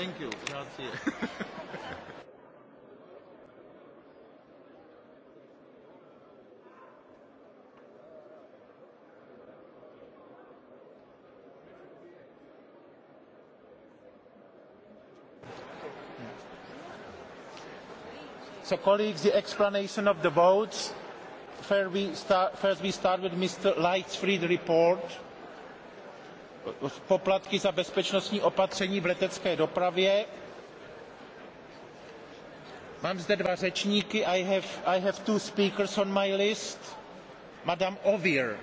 Thank you. Grazie. So colleagues, the explanation of the votes. First we start, first we start with Mr. Lightfried report poplatky za bezpečnostní opatření v letecké dopravě. Mám zde dva řečníky. I have, I have two speakers on my list. Madame Ovir,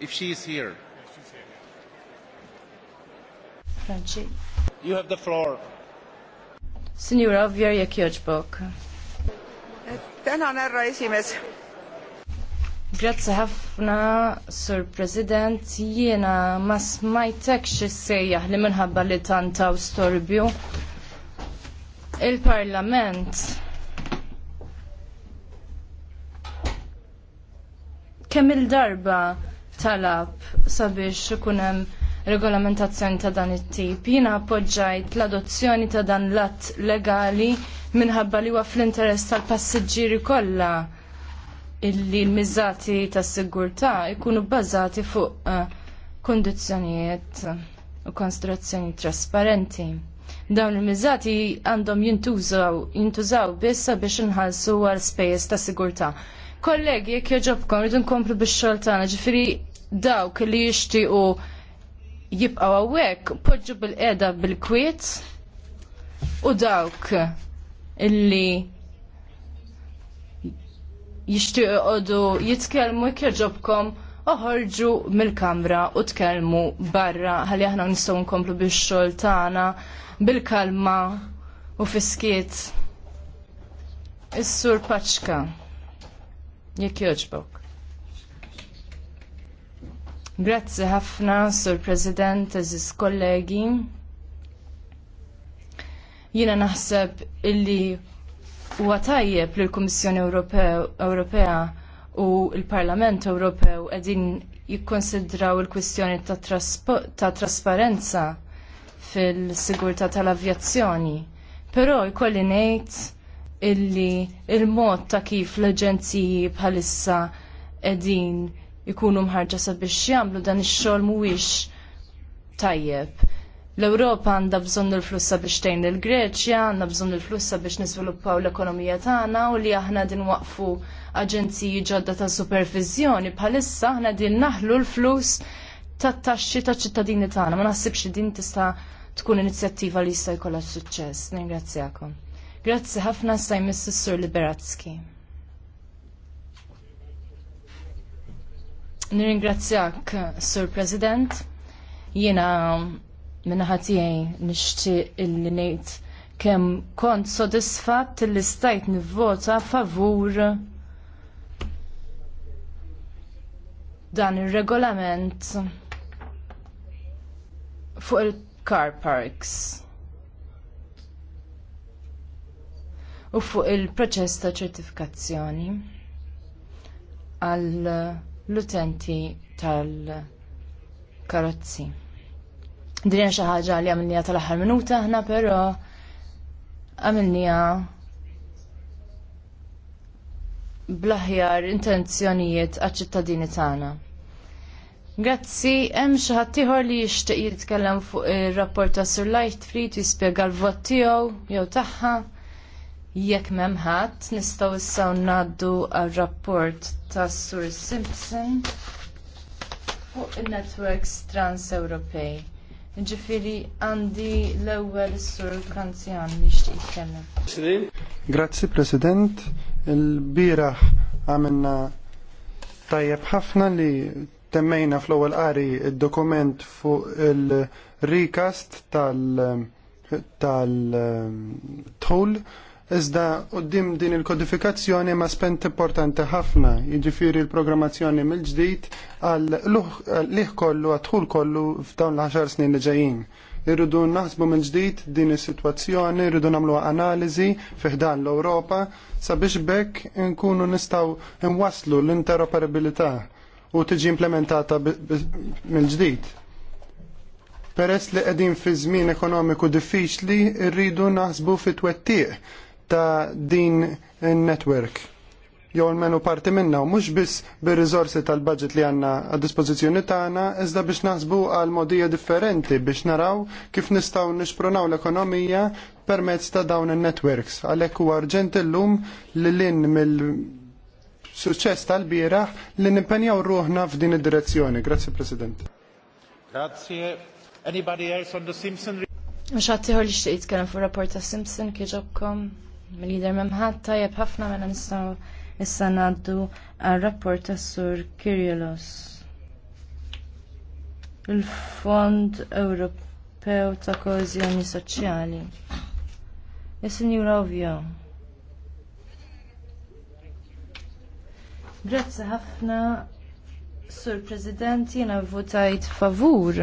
if she is here. Franci. You have the floor. Signora Ovir, jek joġbok. Tänan, härra esimes, Grazzi ħafna, Sur President, jiena ma smajtek xissejjaħ li minħabba li tanta u storbju. Il-Parlament kemm il-darba talab sabiex ikun hemm regolamentazzjoni ta' dan it-tip. Jiena appoġġajt l-adozzjoni ta' dan l-att legali minħabba li huwa fl-interess tal-passiġġieri kollha illi l-mizzati tas sigurtà jkunu bbażati fuq eh, kondizjonijiet u konstruzzjoni trasparenti. Dawn il-mizzati għandhom jintużaw, jintużaw biss biex inħallsu għal spejjeż ta' sigurtà. Kollegi, jekk joġobkom, rridu nkomplu biex xogħol tagħna, ġifieri dawk li jixtiequ jibqaw għawek, poġġu bil-qeda bil-kwiet u dawk illi jixtiequ jqogħdu jitkellmu jkjerġobkom oħorġu mill-kamra u tkellmu barra ħalli aħna nistgħu nkomplu bix-xogħol tagħna bil-kalma u fiskiet. Is-sur Paċka. Jekk jogħġbok. Grazzi ħafna, Sur President, eżis kollegi. Jiena naħseb illi huwa tajjeb li l-Kummissjoni Ewropea u l-Parlament Ewropew qegħdin jikkonsidraw il-kwistjoni ta' trasparenza fil-sigurtà tal-avjazzjoni. Però jkolli ngħid illi il-mod ta' kif l-aġenziji bħalissa qegħdin ikunu mħarġa sabiex jagħmlu dan ix-xogħol mhuwiex tajjeb. L-Ewropa għandha bżonn il-flussa biex tgħin il-Greċja, għandha bżonn il-flussa biex niżviluppaw l-ekonomija tagħna u li aħna din waqfu aġenziji ġodda ta' supervizjoni bħalissa aħna din naħlu l-flus tat-taxxi taċ ċittadini tagħna. Ma naħsibx li din tista' tkun inizjattiva li jista' jkollha suċċess. Ningrazzjakom. Grazzi ħafna is-Sur Liberatski. Nirringrazzjak, Sur President. Jiena minnaħatijaj nishti illi nejt kem kont sodisfat illi stajt nivvota favur dan il-regolament fuq il-car parks u fuq il-proċess ta' ċertifikazzjoni għall utenti tal-karozzi. Din xi ħaġa li għamilnija tal-aħħar minuta aħna però għamilnija blaħjar intenzjonijiet għaċ-ċittadini tagħna. Grazzi, hemm xi ħadd ieħor li jixtieq jitkellem fuq ir-rapport ta' Sur Lightfried jispjega l-vot tiegħu jew tagħha. Jekk m'hemm ħadd, nistgħu issa ngħaddu għar-rapport ta' Sur Simpson fuq in networks Trans-Ewropej. Ġifiri għandi l-ewwel sur Kanzjan li xtieq jitkellem. Grazzi President, il-biraħ għamilna tajjeb ħafna li temmejna fl ewel qari il dokument fuq il-recast tal- tal-toll ehm, Iżda qoddim din il-kodifikazzjoni ma spent importanti ħafna, jiġifieri l-programmazzjoni mill-ġdid għal liħ kollu għatħul kollu f'dawn l-10 snin li ġejjin. Irridu naħsbu minn ġdid din is-sitwazzjoni, irridu nagħmlu analiżi fiħdan l-Ewropa sabiex bekk nkunu nistgħu nwaslu l-interoperabilità u tiġi implementata mill-ġdid peress li qegħdin fi żmien ekonomiku diffiċli rridu naħsbu fi twettiq ta' din in-network jew menu parti minna u mhux biss bir-riżorsi tal-budget li għandna għad dispożizzjoni tagħna iżda biex naħsbu għal modija differenti biex naraw kif nistgħu nixpronaw l-ekonomija permezz ta' dawn in-networks. Għalhekk huwa arġent illum li lin mill suċċess tal-bieraħ li nimpenjaw ruħna f'din id-direzzjoni. Grazzi President. Grazie. Anybody else on the Simpson? Mux għattiħor li xtejt kena fu rapport ta' Simpson kieġobkom. Mill-lider memħat tajjeb ħafna mela nistgħu issa ngħaddu għar-rapport tas-Sur Kirillus. Il-Fond Ewropew ta' Kozjoni Soċjali. Is-Sinjura Ovvio. Grazzi ħafna, Sur President, jiena votajt favur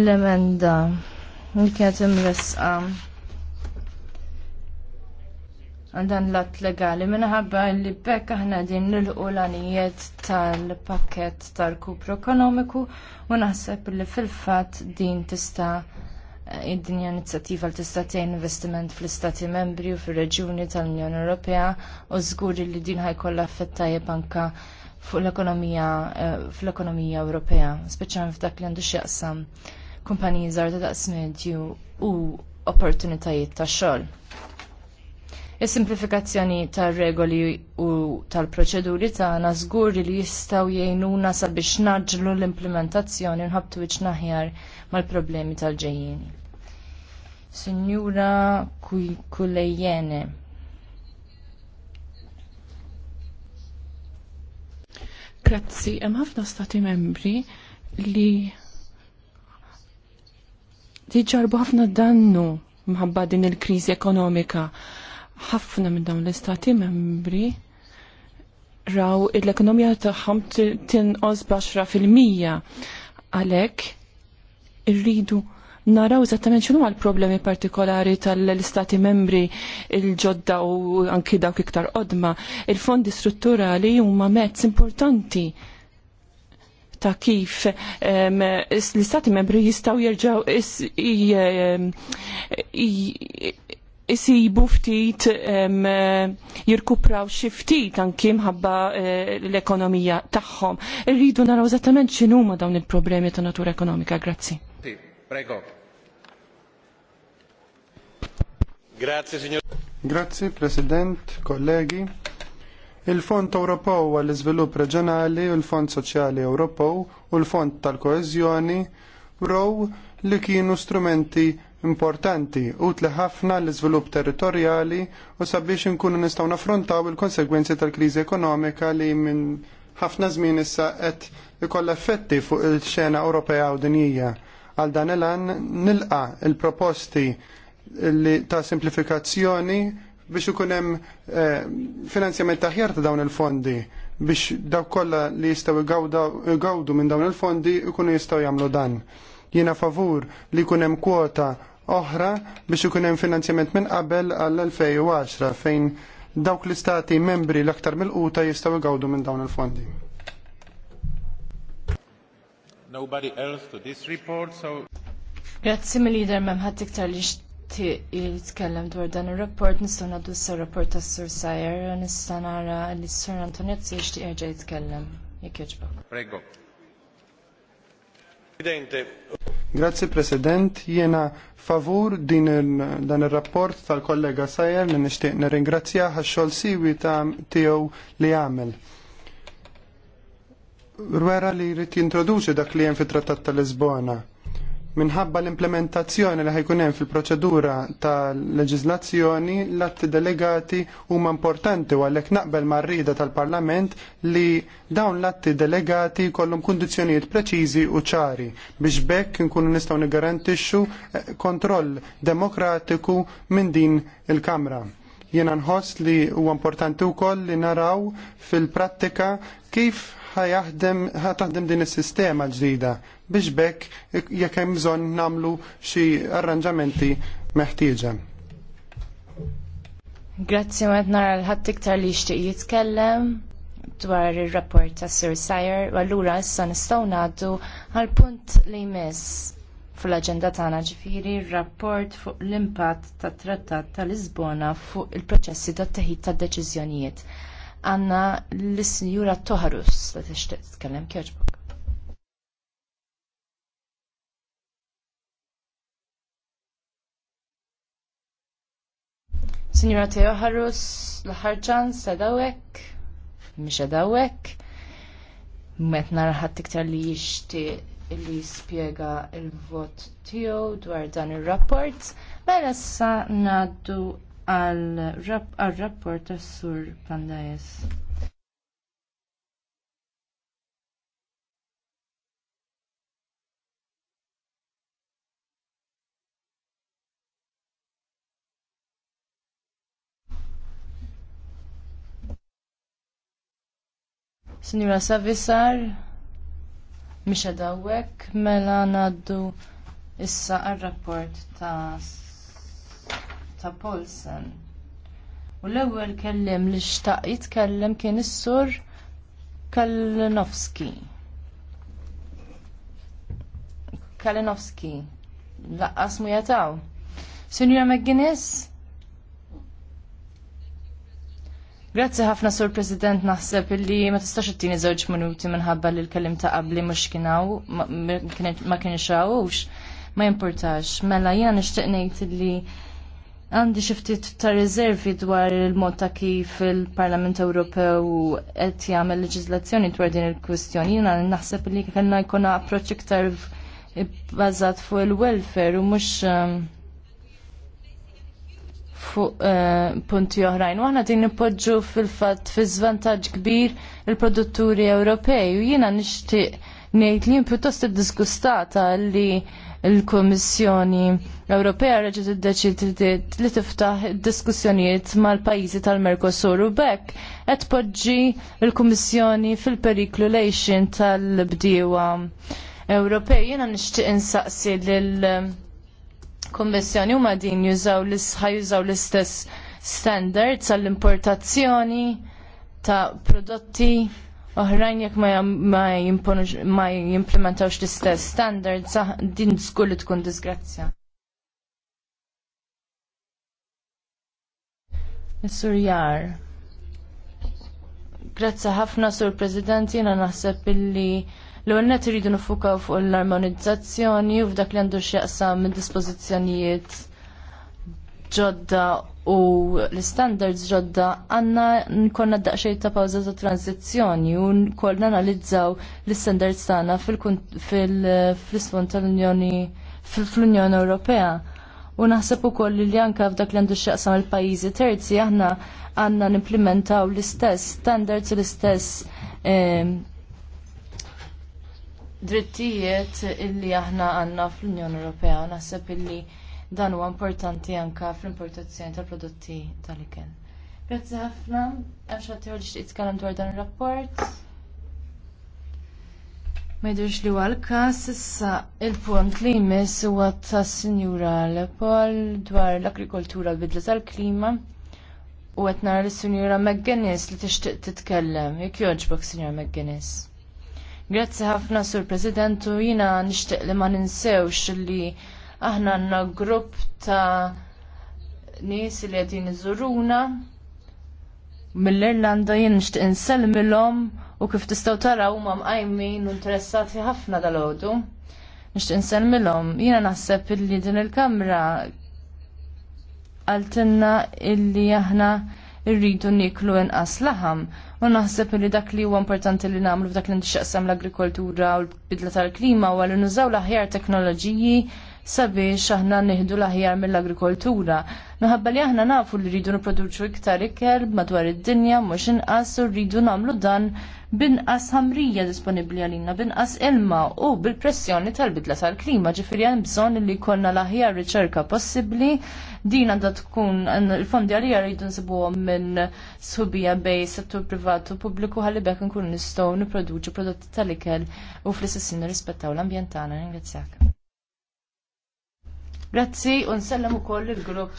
l-emenda li kienet imresqa għal dan l-att legali minħabba li bekk aħna din nilqu l-anijiet tal-pakket tal-kupru ekonomiku u naħseb li fil-fat din tista' id-dinja inizjattiva li tista' tgħin investiment fl-Istati membri u fir-reġjuni tal-Unjoni Ewropea u żguri li din ħajkollha effett banka fuq l-ekonomija eh, fl-ekonomija Ewropea, speċjalment f'dak li għandu x'jaqsam kumpaniji żgħar ta' daqs medju u opportunitajiet tax xogħol. Is-simplifikazzjoni tar-regoli u tal-proċeduri tagħna żgur li jistgħu jgħinuna sabiex naġlu l-implementazzjoni nħabtu wiċċ naħjar mal-problemi tal-ġejjieni. Signura Kulejjene. Grazzi, hemm ħafna stati membri li diġarbu ħafna dannu mħabba din il-kriżi ekonomika ħafna minn dawn l-istati membri raw l-ekonomija tagħhom tinqos baxra fil-mija għalhekk irridu naraw eżattament x'inhu għal problemi partikolari tal-istati membri il-ġodda u anki dawk iktar qodma. Il-fondi strutturali huma mezz importanti ta' kif um, l-istati membri jistaw jirġaw isibu ftit eh, jirkupraw xi ftit anki mħabba eh, l-ekonomija tagħhom. Irridu naraw eżattament x'inhuma dawn il-problemi ta' natura ekonomika. Grazzi. Prego. Grazie, signor. Grazie, President, kollegi. Il-Fond Ewropew għall-Iżvilupp Reġjonali u l-Fond Soċjali Ewropew u l-Fond tal-Koeżjoni row li kienu strumenti importanti utli ħafna l-iżvilupp territorjali u sabiex inkunu nistgħu nafrontaw il-konsegwenzi tal-kriżi ekonomika li minn ħafna żmien issa qed ikollha effetti fuq il-xena Ewropea u dinjija. Għal dan il-an nilqa il-proposti ta' simplifikazzjoni biex ikun hemm eh, finanzjament taħjar ta' dawn il-fondi biex daw kollha li jistgħu igawdu minn dawn il-fondi ikunu jistgħu jagħmlu dan. Jiena favur li jkun hemm kwota oħra biex ikun hemm finanzjament minn qabel għall-2010 fejn dawk l-istati membri l-aktar mill-quta jistgħu jgawdu minn dawn il-fondi. Nobody else to this report, so... Grazie mill leader mem ħat iktar li jitkellem dwar dan ir-rapport nistgħu naddu s rapport tas-Sur Sajer nista' nara li Sir sur Antonezzi jixtieq jitkellem jekk Prego. Presidente, Grazzi President, jiena favur din dan ir-rapport tal-kollega Sajer li nixtieq nirringrazzja għax-xogħol siwi ta' tiegħu li għamel. Rwera li jrid jintroduċi dak li hemm fit-Trattat tal-Lisbona minħabba l-implementazzjoni li ħajkun hemm fil-proċedura tal leġiżlazzjoni l-atti delegati huma importanti u għalhekk naqbel mar-rieda tal-Parlament li dawn l-atti delegati jkollhom kundizzjonijiet preċiżi u ċari biex bekk inkunu nistgħu niggarantixxu eh, kontroll demokratiku minn din il-Kamra. Jiena nħoss li huwa importanti wkoll li naraw fil-prattika kif ħataħdem din is-sistema ġdida biex bekk jekk hemm bżonn nagħmlu xi arranġamenti meħtieġa. Grazzi għed nara l-ħadd iktar li jixtieq jitkellem dwar ir-rapport ta' Sir Sire, u allura issa nistgħu ngħaddu għall punt li jmiss fl-aġenda tagħna ġifieri r-rapport fuq l-impatt tat-Trattat tal Lisbona fuq il-proċessi tat-teħid tad-deċiżjonijiet għanna l-Sinjura Toharus li tixtieq tkellem kjoġbok. Sinjura Toharus, l-ħarġan, sedawek, miex sedawek, met narħat iktar li jixtieq li jispjega l vot tiegħu dwar dan ir rapport mela issa ngħaddu għal-rapport tas sur Pandajes. Signora Savisar, Misha Dawek, mela naddu issa għal-rapport ta' ta' Paulsen. U l-ewwel kellem li xtaq jitkellem kien is-sur Kalinowski. Kalinowski. Laqqas mu jataw. Sinjura McGuinness? Grazzi ħafna sur President naħseb illi ma tistax ittini żewġ minuti minħabba li l kellim ta' qabli mhux kienaw ma kienx rawux ma jimportax. Mela jiena nixtieq ngħid illi għandi xiftit ta' riservi dwar il-mod ta' kif il-Parlament Ewropew qed jagħmel leġiżlazzjoni dwar din il-kwistjoni. Jiena naħseb li kellna jkun approċċ iktar bbażat fuq il-welfare u mhux ehm, fuq eh, punti oħrajn. Waħna din nipoġġu fil-fatt fi żvantaġġ kbir il-produtturi Ewropej u jiena nixtieq ngħid li jien pjuttost iddisgustata li il-Kummissjoni Ewropea reġgħet iddeċidiet li tiftaħ diskussjonijiet mal-pajjiżi tal-Mercosur u bekk qed poġġi l-Kummissjoni fil-periklu lejxin tal-bdiewa Ewropej. Jiena nixtieq insaqsi lil kummissjoni huma din jużaw l-istess standards għall-importazzjoni ta' prodotti oħrajn jekk ma jimplementawx l-istess standards, din skull tkun disgrazzja. Sur Jar. Grazzi ħafna sur President, jiena naħseb illi l-għonnet rridu nifukaw fuq l-armonizzazzjoni u f'dak li għandu xieqsam minn dispożizzjonijiet ġodda u l-standards ġodda għanna nkonna daqxej ta' pawza ta' tranzizjoni u nkollna analizzaw l-standards tagħna fil-isfond tal-Unjoni fil-Unjoni Ewropea. U naħseb ukoll li anke f'dak li għandu x'jaqsam il-pajjiżi terzi aħna għandna nimplementaw l-istess standards u l-istess ehm, drittijiet illi aħna għandna fl-Unjoni Ewropea. Naħseb illi dan huwa importanti anke fl-importazzjoni tal-prodotti tal-iken. Grazzi ħafna, għax xatt li t tkellem dwar dan ir-rapport. Ma jidhirx li huwa l-każ, issa il-punt li jmiss huwa ta' sinjura Lepol dwar l-agrikoltura l-bidla tal-klima u qed nara lis-Sinjura McGuinness li tixtieq titkellem. Jekk jogħġbok, Sinjura McGuinness. Grazzi ħafna, Sur President, u jina nixtieq li ma ninsewx li aħna għandna grupp ta' nies li għedin iżuruna mill-Irlanda jien nixtieq inselmilhom u kif tistgħu taraw huma mqajmin u interessati ħafna dal-għodu. Nixtieq inselmilhom. Jiena naħseb illi din il-kamra għaltinna illi aħna rridu niklu inqas laħam. U naħseb li dak li huwa importanti li nagħmlu f'dak li nixxaqsam l-agrikoltura u l-bidla tal-klima u li nużaw l-aħjar teknoloġiji sabiex aħna nieħdu l-aħjar mill-agrikoltura. Naħabba li aħna nafu li rridu nipproduċu iktar ikel madwar id-dinja mhux inqas u rridu nagħmlu dan binqas ħamrija disponibbli għalina, binqas ilma u bil-pressjoni tal-bidla tal-klima ġifiri hemm bżonn li jkollna l-aħjar riċerka possibbli din għandha tkun il-fondi għalija rridu nsibuhom minn subija bej settur privatu u pubbliku ħalli bekk nkun nistgħu nipproduċu prodotti tal-ikel u fl-istessin nirrispettaw l-ambjent tagħna. Ringrazzjak. Grazzi, u nsellem ukoll lill-grupp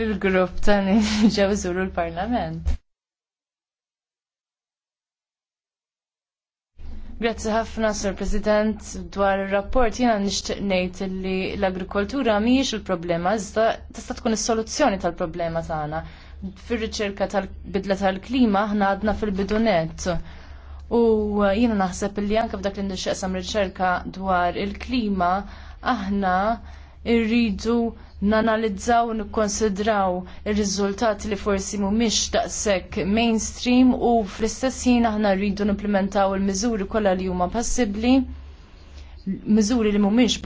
lill-grupp tani ġew iżuru l-Parlament. Grazzi ħafna, Sir President, dwar il-rapport jena nishtiq ngħid li l-agrikoltura mhijiex il-problema, iżda tista' tkun is-soluzzjoni tal-problema tagħna. Fir-riċerka tal-bidla tal-klima aħna għadna fil-bidunet. U jiena naħseb li anke f'dak li nixxeqsam riċerka dwar il-klima aħna irridu nanalizzaw u nikkonsidraw ir-riżultati li forsi mhumiex daqshekk mainstream u fl-istess ħin aħna rridu nimplementaw il-miżuri kollha li huma possibbli miżuri li mhumiex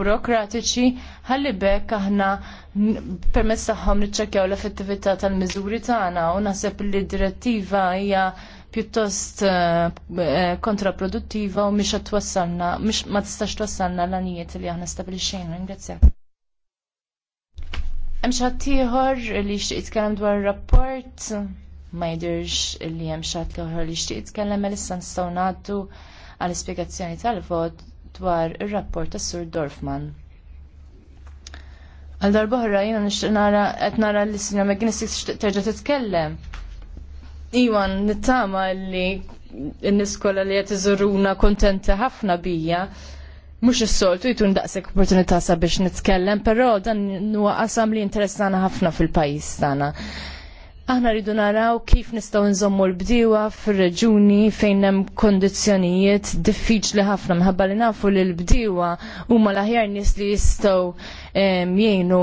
burokratiċi ħalli bekk aħna permezz tagħhom niċċekkjaw l-effettività tal-miżuri tagħna u naħseb li d-direttiva hija pjuttost eh, eh, kontraproduttiva u mhix twassalna, mhix ma tistax twassalna l-anijiet li aħna stabilixxejn. Ringrazzjak. Hemm xi ħadd ieħor li jixtieq jitkellem dwar rapport ma jidhirx li hemm xi ħadd ieħor li jixtieq jitkellem għalissa nistgħu ngħaddu għall ispjegazzjoni tal-vot dwar ir-rapport tas-Sur Dorfman. Għal darba ħra jina nishtiq nara qed nara li Sinja McGinnis terġa' titkellem. Iwan, nittama li n-niskola li jtizuruna kontenta ħafna bija. Mux s-soltu jtun daqsek opportunità sabiex nitkellem, pero dan huwa qasam li interessana ħafna fil-pajis tagħna. Aħna rridu naraw kif nistgħu nżommu l-bdiewa fir-reġuni fejn hemm kondizzjonijiet diffiċli ħafna minħabba li nafu li l-bdiewa huma l-aħjar nies li jistgħu jgħinu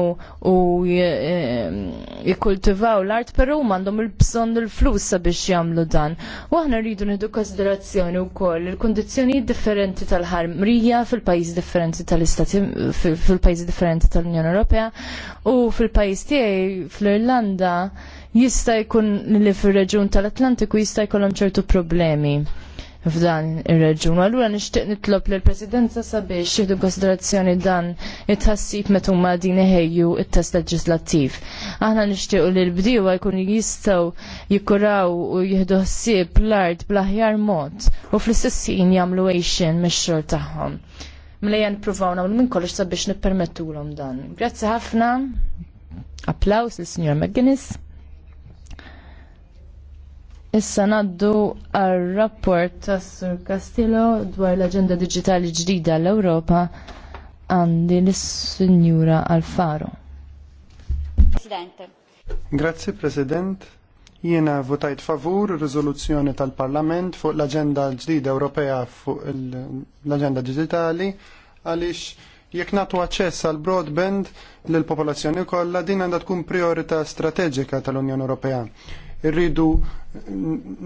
u jikkultivaw l-art, però mandom il-bżonn il-flus sabiex jagħmlu dan. U aħna rridu nidu konsiderazzjoni wkoll il-kundizzjonijiet differenti tal-ħarmrija fil-pajjiż differenti tal-istati fil pajis differenti tal-Unjoni Ewropea u fil-pajjiż tiegħi fl-Irlanda jista' jkun li fir-reġjun tal-Atlantiku jista' jkollhom ċertu problemi f'dan ir-reġun. Allura nixtieq nitlob lill presidenza sabiex jieħdu konsiderazzjoni dan it tħassib meta huma din iħejju it-test leġislattiv. Aħna nixtiequ li l-bdiewa jkunu jistgħu jikkuraw u jieħdu ħsieb l-art bl-aħjar mod u fl-istess ħin jagħmlu għejxin mix-xogħol tagħhom. Mlejja nippruvaw nagħmlu minn kollox sabiex nippermettulhom dan. Grazzi ħafna. Applaus lis sinjor McGuinness. Issa naddu għal rapport ta' Sur Castillo dwar l-Aġenda Digitali ġdida l-Ewropa għandi l-Sinjura Alfaro. Presidente. Grazzi President. Jiena votajt favur riżoluzzjoni tal-Parlament fuq l-Aġenda ġdida Ewropea fuq l-Aġenda Digitali għaliex jekk nagħtu aċċess għal broadband lill popolazzjoni kollha din għandha tkun priorità strateġika tal-Unjoni Ewropea. Irridu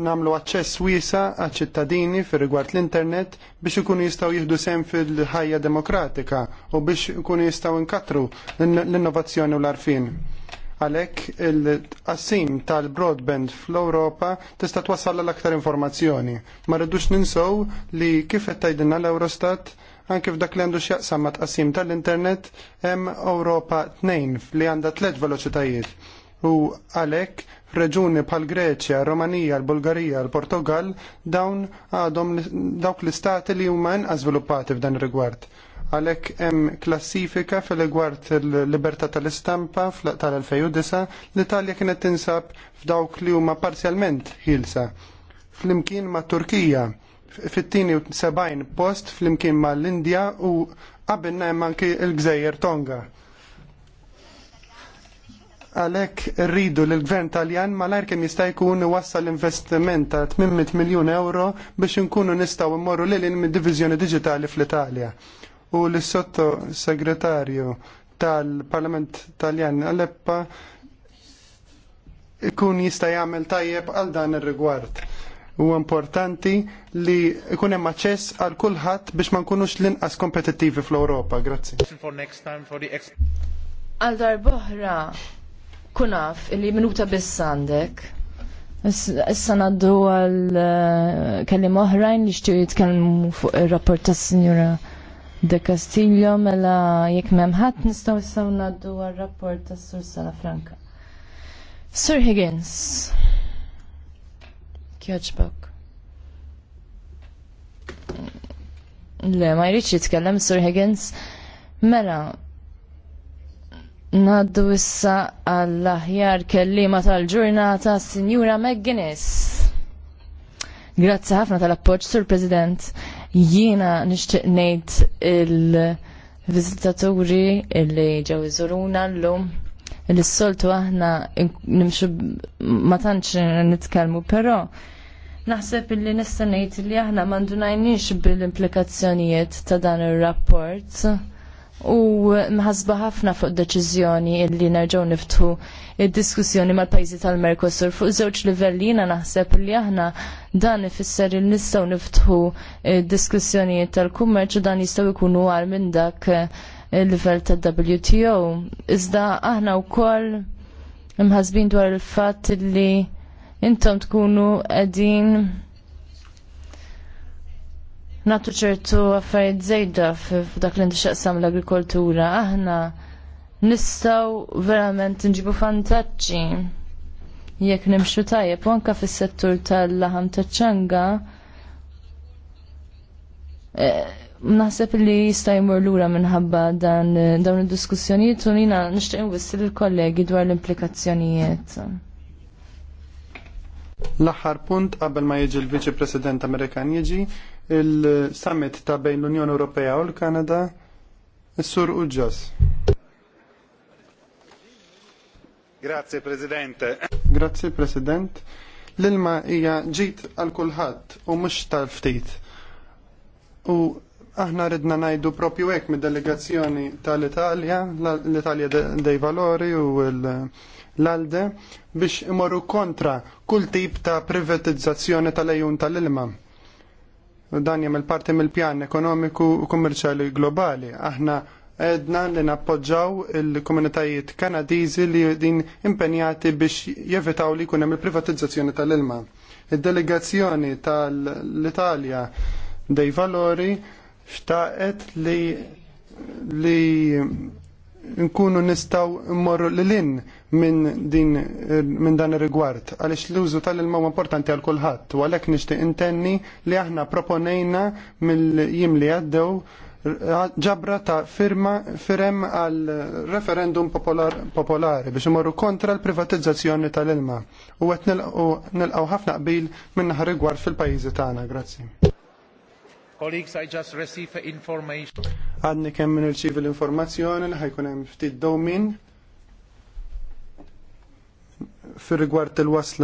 namlu aċċess wiesa għal ċittadini fir rigward l-internet biex ikunu jistgħu jieħdu sem fil-ħajja demokratika u biex ikunu jistgħu nkatru l-innovazzjoni u l-arfin. Għalhekk il-qassim tal-broadband fl-Ewropa tista' twassal l-aktar informazzjoni. Ma rridux ninsow li kif qed tgħidilna l-Eurostat anke f'dak li għandu x'jaqsam ma' tqassim tal-internet hemm Ewropa tnejn li għandha tliet veloċitajiet u għalek reġuni bħal Greċja, Romanija, l-Bulgarija, l-Portugal dawn għadhom dawk l-istati li huma inqas f'dan ir-rigward. Għalek hemm klassifika fil-rigward il-libertà tal-istampa tal-2009 l-Italja kienet tinsab f'dawk li huma parzjalment ħilsa. Flimkien ma' Turkija fit-tieni u 70 post flimkien ma' l-Indja u qabilna hemm anki l-Gżejjer Tonga. Għalhekk rridu l-gvern taljan malajr kem jista' jkun wassal investiment ta' 800 miljun euro biex inkunu nistaw immorru lil mid divizjoni diġitali fl-Italja. U l-sotto segretarju tal-Parlament Taljan Aleppa ikun jista' jagħmel tajjeb għal dan ir-rigward u importanti li ikun hemm aċċess għal kulħadd biex ma nkunux l-inqas kompetittivi fl-Ewropa. Grazzi. Għal darboħra kunaf illi minuta biss għandek. Issa naddu għal eh, kellim oħrajn li xtiju jitkellmu fuq ir-rapport tas signora De Castillo mela jekk m'hemm ħadd nistgħu issa naddu għal rapport tas-Sur Sala Franka. Sir Higgins. kjoċbok. Le, ma jridx jitkellem Sir Higgins. Mela, Naddu issa għall-aħjar kellima tal-ġurnata Sinjura McGuinness. Grazzi ħafna tal-appoġġ, Sur President. Jiena nixtieq ngħid il-viżitaturi li ġew iżuruna llum s soltu aħna nimxu ma tantx nitkellmu, però naħseb illi nista' ngħid li aħna m'għandunajniex bil-implikazzjonijiet ta' dan ir-rapport u mħasba ħafna fuq deċiżjoni li nerġgħu niftu id-diskussjoni mal-pajjiżi tal-Mercosur fuq żewġ livelli jina naħseb li aħna dan ifisser li nistgħu niftħu diskussjonijiet tal-kummerċ u dan jistgħu jkunu għal minn dak eh, il-livell ta' wto Iżda aħna wkoll mħasbin dwar il-fatt li intom tkunu qegħdin natu ċertu affarijiet żejda f'dak li ndixaqsam l-agrikoltura. Aħna nistgħu verament nġibu fantaċċi jekk nimxu tajjeb u anke fis-settur tal-laħam taċ-ċanga e, naħseb li jista' jmur lura minħabba dan dawn id-diskussjonijiet u nina nixtieq wissil il-kollegi dwar l-implikazzjonijiet. L-aħħar punt qabel ma jiġi l-Viċi President Amerikan jiġi il-summit ta' bejn l-Unjoni Ewropea u l-Kanada is-Sur Uġġas. Grazie Presidente. Grazie President. L-ilma hija ġit għal kulħadd u mhux tal-ftit. U aħna ridna najdu propju hekk mid-delegazzjoni tal-Italja, l-Italja dei Valori u l- l-alde biex imorru kontra kull tip ta' privatizzazzjoni tal ejun tal-ilma. Dan jagħmel parti mill-pjan ekonomiku u kummerċjali globali. Aħna edna li nappoġġaw il-komunitajiet kanadiżi li din impenjati biex jevitaw li jkun hemm il-privatizzazzjoni tal-ilma. Id-delegazzjoni tal-Italja dei valori xtaqet li li nkunu nistaw mmorru l-lin minn din minn dan ir-rigward għaliex l-użu tal-ilma huwa importanti għal kulħadd u għalhekk nixtieq intenni li aħna proponejna mill-jiem li għaddew ġabra ta' firma firem għal referendum popolari biex imorru kontra l-privatizzazzjoni tal-ilma u qed nilqgħu ħafna qbil minn rigward fil-pajjiżi tagħna. Grazzi. Colleagues, I just received information. Għadni kemm minn nirċiv l-informazzjoni li ħajkun hemm ftit dowmin fir rigward il-wasla